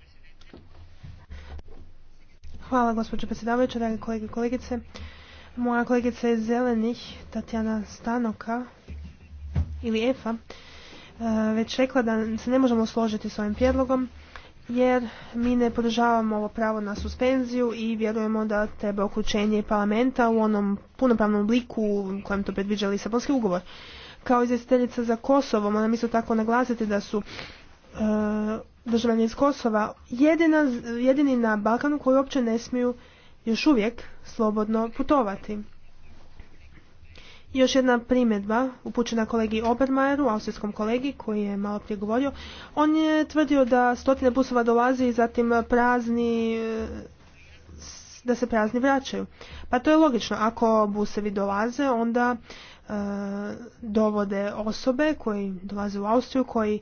Hvala gospođo predsjedavajuća, dragi kolege i kolegice. Moja kolegica je Zelenih, Tatjana Stanoka ili Efa, e, već rekla da se ne možemo složiti s ovim prijedlogom jer mi ne podržavamo ovo pravo na suspenziju i vjerujemo da treba uključenje parlamenta u onom punopravnom obliku u kojem to predviđa Lisabonski ugovor. Kao izvjestiteljica za Kosovo moram isto tako naglasiti da su E, državljani iz Kosova jedini na Balkanu koji uopće ne smiju još uvijek slobodno putovati. Još jedna primjedba upućena kolegi Obermajeru, austrijskom kolegi koji je malo prije govorio. On je tvrdio da stotine busova dolazi i zatim prazni e, da se prazni vraćaju. Pa to je logično. Ako busevi dolaze, onda e, dovode osobe koji dolaze u Austriju, koji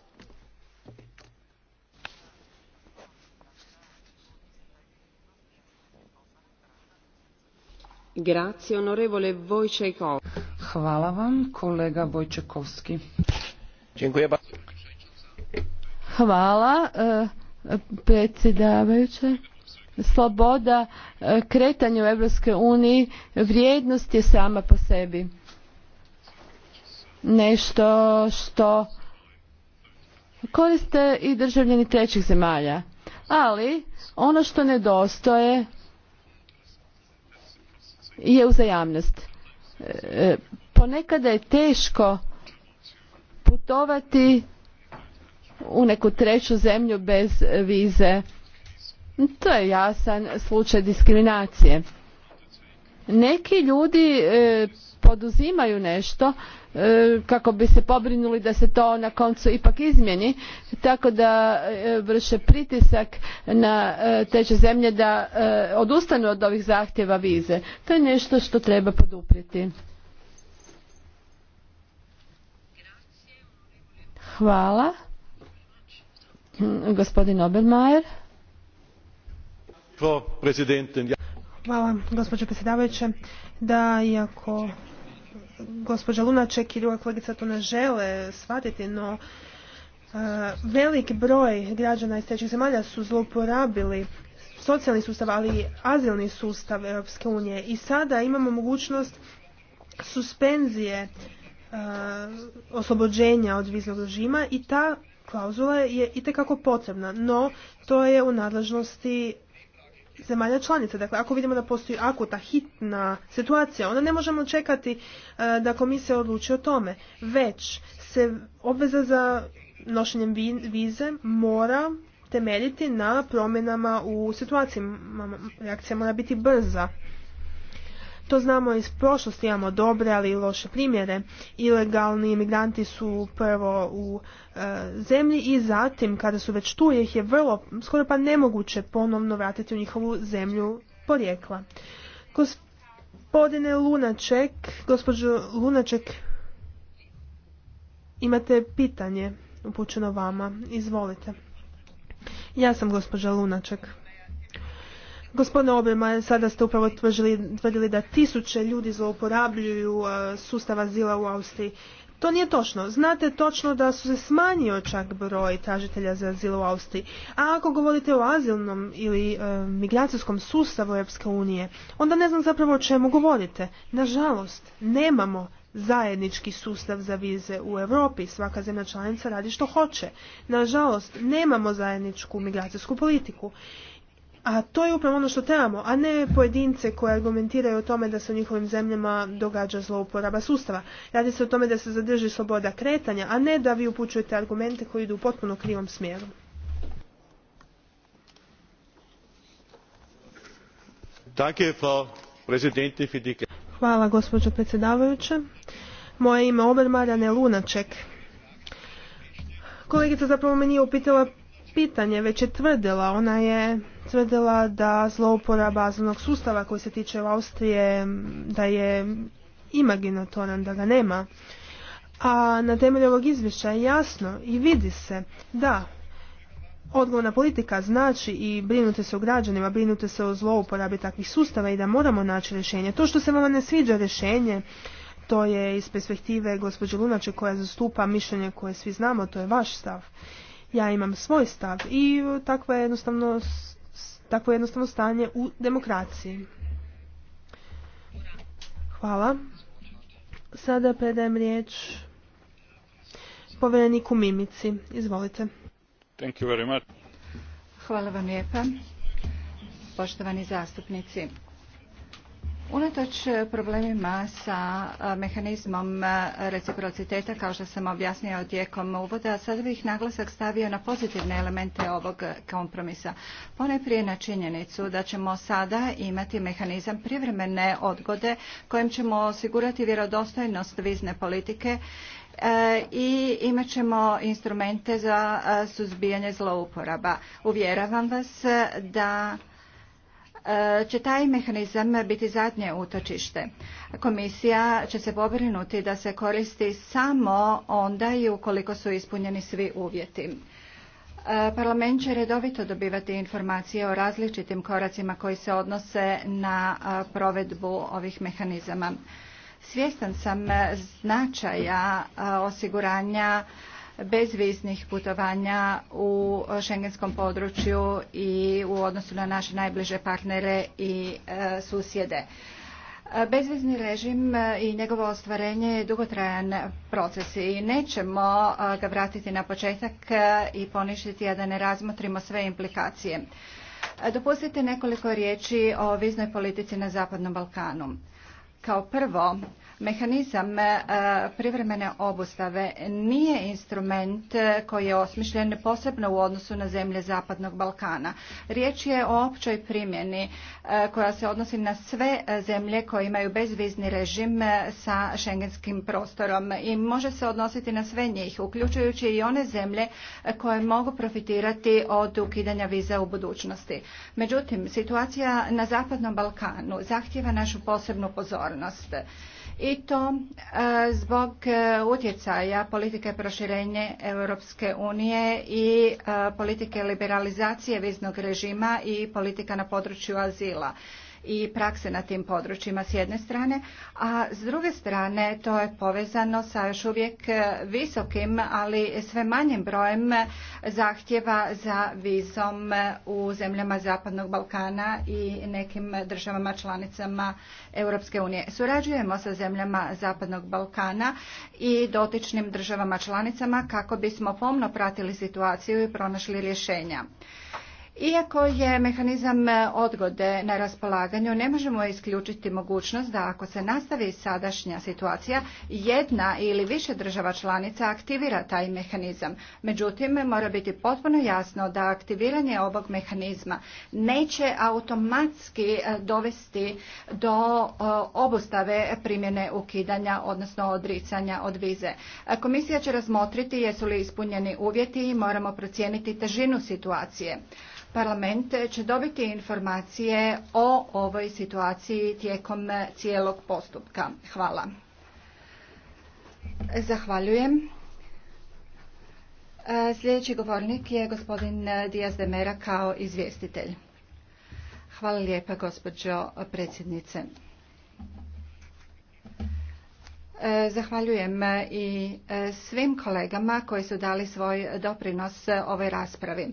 Hvala vam, kolega Bojčekovski. Hvala, e, predsjedavajuće. Sloboda e, kretanja u EU, uniji vrijednost je sama po sebi. Nešto što koriste i državljani trećih zemalja. Ali ono što nedostaje je uzajamnost. E, e, ponekada je teško putovati u neku treću zemlju bez vize. To je jasan slučaj diskriminacije. Neki ljudi e, poduzimaju nešto e, kako bi se pobrinuli da se to na koncu ipak izmjeni tako da e, vrše pritisak na te zemlje da e, odustanu od ovih zahtjeva vize. To je nešto što treba poduprijeti. Hvala. Mm, gospodin Obermajer. Hvala, gospođo predsjedavajuće. Da, iako gospođa Lunaček i druga kolegica to ne žele shvatiti, no e, velik broj građana iz trećih zemalja su zlouporabili socijalni sustav, ali i azilni sustav Europske unije. I sada imamo mogućnost suspenzije e, oslobođenja od viznog režima i ta klauzula je itekako potrebna, no to je u nadležnosti zemalja članica. Dakle, ako vidimo da postoji akuta, hitna situacija, onda ne možemo čekati e, da komisija odluči o tome. Već se obveza za nošenjem vize mora temeljiti na promjenama u situaciji. Reakcija mora biti brza. To znamo iz prošlosti, imamo dobre ali i loše primjere. Ilegalni imigranti su prvo u e, zemlji i zatim kada su već tu ih je vrlo skoro pa nemoguće ponovno vratiti u njihovu zemlju porijekla. Gospodine Lunaček, gospođo Lunaček, imate pitanje upućeno vama. Izvolite. Ja sam gospođa Lunaček. Gospodine Obema, sada ste upravo tvrdili, da tisuće ljudi zlouporabljuju e, sustav azila u Austriji. To nije točno. Znate točno da su se smanjio čak broj tražitelja za azil u Austriji. A ako govorite o azilnom ili e, migracijskom sustavu Europske unije, onda ne znam zapravo o čemu govorite. Nažalost, nemamo zajednički sustav za vize u Europi. Svaka zemlja članica radi što hoće. Nažalost, nemamo zajedničku migracijsku politiku. A to je upravo ono što trebamo, a ne pojedince koji argumentiraju o tome da se u njihovim zemljama događa zlouporaba sustava. Radi se o tome da se zadrži sloboda kretanja, a ne da vi upućujete argumente koji idu u potpuno krivom smjeru. Hvala gospođo predsjedavajuća. Moje ime Obermara Lunaček. Kolegica zapravo me nije upitala pitanje već je tvrdila. Ona je tvrdila da zlouporaba azilnog sustava koji se tiče Austrije, da je imaginatoran, da ga nema. A na temelju ovog izvješća je jasno i vidi se da odgovorna politika znači i brinute se o građanima, brinute se o zlouporabi takvih sustava i da moramo naći rješenje. To što se vama ne sviđa rješenje, to je iz perspektive gospođe Lunače koja zastupa mišljenje koje svi znamo, to je vaš stav. Ja imam svoj stav i e, takvo je jednostavno, takvo je jednostavno stanje u demokraciji. Hvala. Sada predajem riječ povjereniku Mimici. Izvolite. Thank you very much. Hvala vam lijepa. Poštovani zastupnici, Unatoč problemima sa mehanizmom reciprociteta, kao što sam objasnio tijekom uvoda, sada bih naglasak stavio na pozitivne elemente ovog kompromisa. Pone prije na činjenicu da ćemo sada imati mehanizam privremene odgode kojim ćemo osigurati vjerodostojnost vizne politike e, i imat ćemo instrumente za suzbijanje zlouporaba. Uvjeravam vas da E, će taj mehanizam biti zadnje utočište. Komisija će se pobrinuti da se koristi samo onda i ukoliko su ispunjeni svi uvjeti. E, parlament će redovito dobivati informacije o različitim koracima koji se odnose na e, provedbu ovih mehanizama. Svjestan sam značaja osiguranja bezviznih putovanja u šengenskom području i u odnosu na naše najbliže partnere i e, susjede. Bezvizni režim i njegovo ostvarenje je dugotrajan proces i nećemo e, ga vratiti na početak e, i poništiti, a da ne razmotrimo sve implikacije. Dopustite nekoliko riječi o viznoj politici na Zapadnom Balkanu. Kao prvo, Mehanizam e, privremene obustave nije instrument e, koji je osmišljen posebno u odnosu na zemlje Zapadnog Balkana. Riječ je o općoj primjeni e, koja se odnosi na sve zemlje koje imaju bezvizni režim sa šengenskim prostorom i može se odnositi na sve njih, uključujući i one zemlje koje mogu profitirati od ukidanja viza u budućnosti. Međutim, situacija na Zapadnom Balkanu zahtjeva našu posebnu pozornost i to e, zbog e, utjecaja politike proširenje Europske unije i e, politike liberalizacije viznog režima i politika na području azila i prakse na tim područjima s jedne strane, a s druge strane to je povezano sa još uvijek e, visokim, ali sve manjim brojem zahtjeva za vizom e, u zemljama Zapadnog Balkana i nekim državama članicama Europske unije. Surađujemo sa zemljama Zapadnog Balkana i dotičnim državama članicama kako bismo pomno pratili situaciju i pronašli rješenja. Iako je mehanizam e, odgode na raspolaganju, ne možemo isključiti mogućnost da ako se nastavi sadašnja situacija, jedna ili više država članica aktivira taj mehanizam. Međutim, mora biti potpuno jasno da aktiviranje ovog mehanizma neće automatski e, dovesti do e, obustave primjene ukidanja, odnosno odricanja od vize. Komisija će razmotriti jesu li ispunjeni uvjeti i moramo procijeniti težinu situacije. Parlament će dobiti informacije o ovoj situaciji tijekom cijelog postupka. Hvala. Zahvaljujem. E, sljedeći govornik je gospodin Diaz de Mera kao izvjestitelj. Hvala lijepa gospođo predsjednice. E, zahvaljujem i e, svim kolegama koji su dali svoj doprinos ovoj raspravi.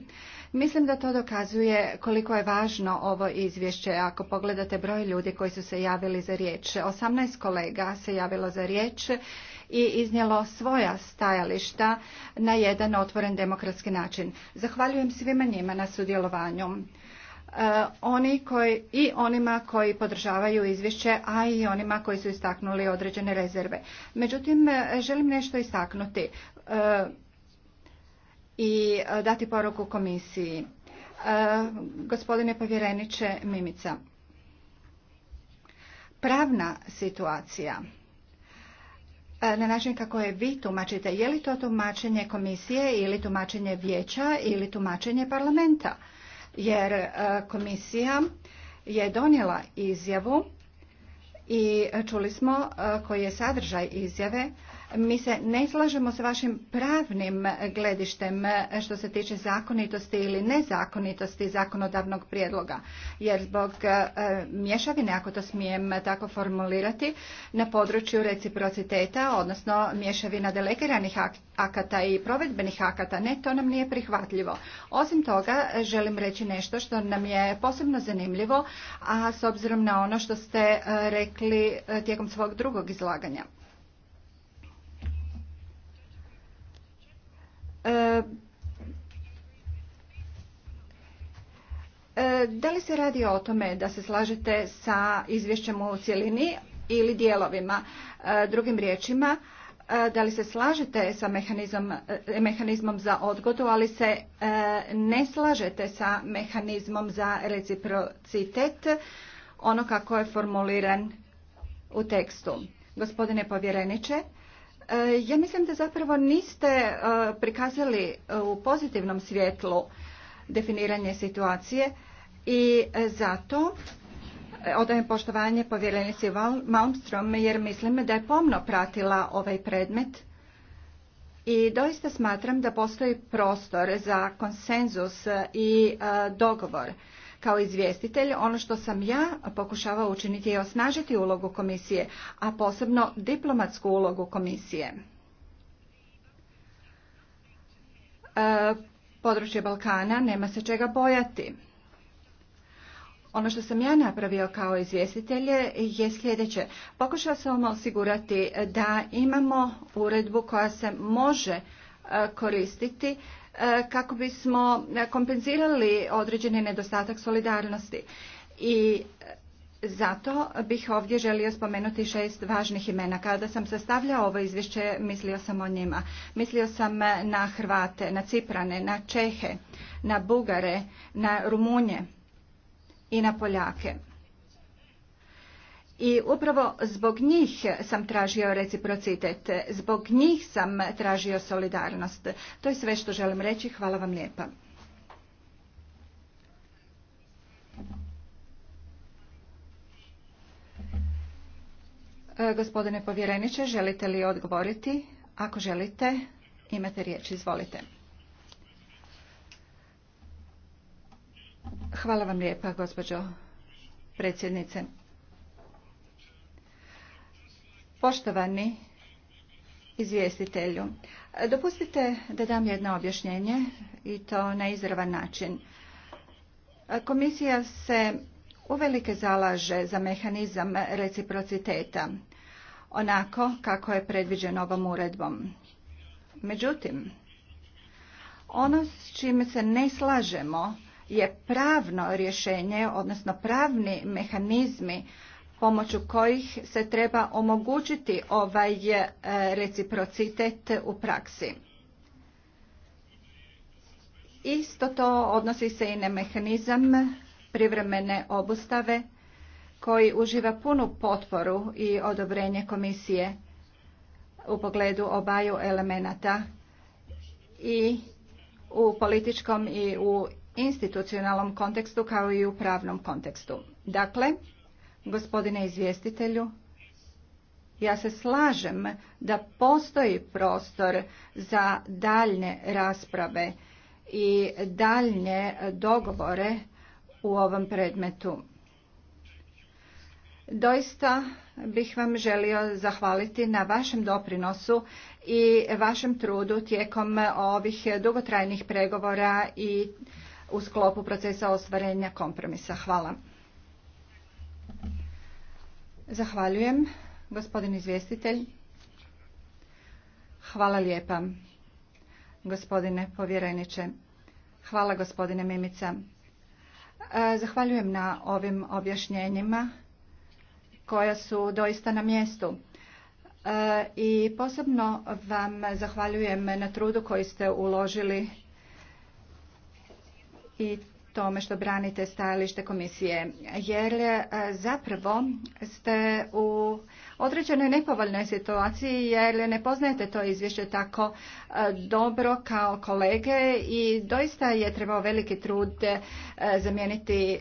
Mislim da to dokazuje koliko je važno ovo izvješće. Ako pogledate broj ljudi koji su se javili za riječ, 18 kolega se javilo za riječ i iznijelo svoja stajališta na jedan otvoren demokratski način. Zahvaljujem svima njima na sudjelovanju e, oni koji, i onima koji podržavaju izvješće, a i onima koji su istaknuli određene rezerve. Međutim, želim nešto istaknuti. E, i e, dati poruku komisiji. E, gospodine povjereniče Mimica, pravna situacija e, na način kako je vi tumačite, je li to tumačenje komisije ili tumačenje vijeća ili tumačenje parlamenta? Jer komisija je donijela izjavu i čuli smo koji je sadržaj izjave mi se ne slažemo sa vašim pravnim gledištem eh, što se tiče zakonitosti ili nezakonitosti zakonodavnog prijedloga, jer zbog eh, mješavine, ako to smijem tako formulirati, na području reciprociteta, odnosno mješavina delegiranih akata i provedbenih akata, ne, to nam nije prihvatljivo. Osim toga, želim reći nešto što nam je posebno zanimljivo, a s obzirom na ono što ste eh, rekli tijekom svog drugog izlaganja. E, da li se radi o tome da se slažete sa izvješćem u cjelini ili dijelovima? E, drugim riječima, e, da li se slažete sa mehanizmom, mehanizmom za odgodu, ali se ne slažete sa mehanizmom za reciprocitet, ono kako je formuliran u tekstu. Gospodine povjereniče, E, ja mislim da zapravo niste e, prikazali e, u pozitivnom svjetlu definiranje situacije i zato odajem poštovanje povjerenici Malmstrom jer mislim da je pomno pratila ovaj predmet i doista smatram da postoji prostor za konsenzus i dogovor. Kao izvjestitelj, ono što sam ja pokušavao učiniti je osnažiti ulogu komisije, a posebno diplomatsku ulogu komisije. E, područje Balkana nema se čega bojati. Ono što sam ja napravio kao izvjestitelje je sljedeće. Pokušao sam osigurati da imamo uredbu koja se može e, koristiti E, kako bismo kompenzirali određeni nedostatak solidarnosti. I e, zato bih ovdje želio spomenuti šest važnih imena. Kada sam sastavljao ovo izvješće, mislio sam o njima. Mislio sam na Hrvate, na Ciprane, na Čehe, na Bugare, na Rumunje i na Poljake i upravo zbog njih sam tražio reciprocitet, zbog njih sam tražio solidarnost. To je sve što želim reći, hvala vam lijepa. E, gospodine povjereniče, želite li odgovoriti? Ako želite, imate riječ, izvolite. Hvala vam lijepa, gospođo predsjednice. Poštovani izvjestitelju, dopustite da dam jedno objašnjenje i to na izravan način. Komisija se uvelike zalaže za mehanizam reciprociteta, onako kako je predviđen ovom uredbom. Međutim, ono s čime se ne slažemo je pravno rješenje, odnosno pravni mehanizmi pomoću kojih se treba omogućiti ovaj e, reciprocitet u praksi. Isto to odnosi se i na mehanizam privremene obustave koji uživa punu potporu i odobrenje komisije u pogledu obaju elemenata i u političkom i u institucionalnom kontekstu kao i u pravnom kontekstu. Dakle, Gospodine izvjestitelju, ja se slažem da postoji prostor za daljne rasprave i daljne dogovore u ovom predmetu. Doista bih vam želio zahvaliti na vašem doprinosu i vašem trudu tijekom ovih dugotrajnih pregovora i u sklopu procesa ostvarenja kompromisa. Hvala. Zahvaljujem, gospodin izvjestitelj. Hvala lijepa, gospodine povjereniče. Hvala, gospodine Mimica. E, zahvaljujem na ovim objašnjenjima koja su doista na mjestu. E, I posebno vam zahvaljujem na trudu koji ste uložili i tome što branite stajalište komisije, jer e, zapravo ste u određenoj nepovoljnoj situaciji jer ne poznajete to izvješće tako e, dobro kao kolege i doista je trebao veliki trud e, zamijeniti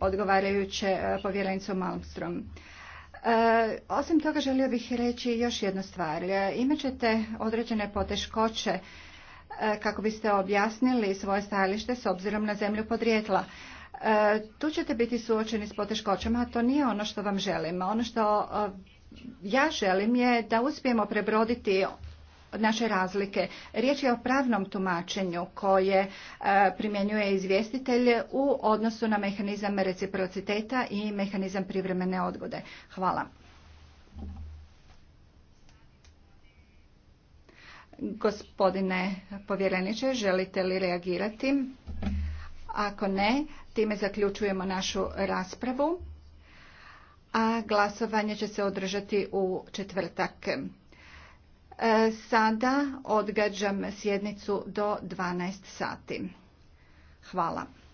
odgovarajuće povjerenicu Malmstrom. Osim toga želio bih reći još jednu stvar. Imaćete određene poteškoće E, kako biste objasnili svoje stajalište s obzirom na zemlju podrijetla. E, tu ćete biti suočeni s poteškoćama, a to nije ono što vam želim. Ono što e, ja želim je da uspijemo prebroditi naše razlike. Riječ je o pravnom tumačenju koje primjenjuje izvjestitelj u odnosu na mehanizam reciprociteta i mehanizam privremene odgode. Hvala. Gospodine povjereniče, želite li reagirati? Ako ne, time zaključujemo našu raspravu, a glasovanje će se održati u četvrtak. E, sada odgađam sjednicu do 12 sati. Hvala.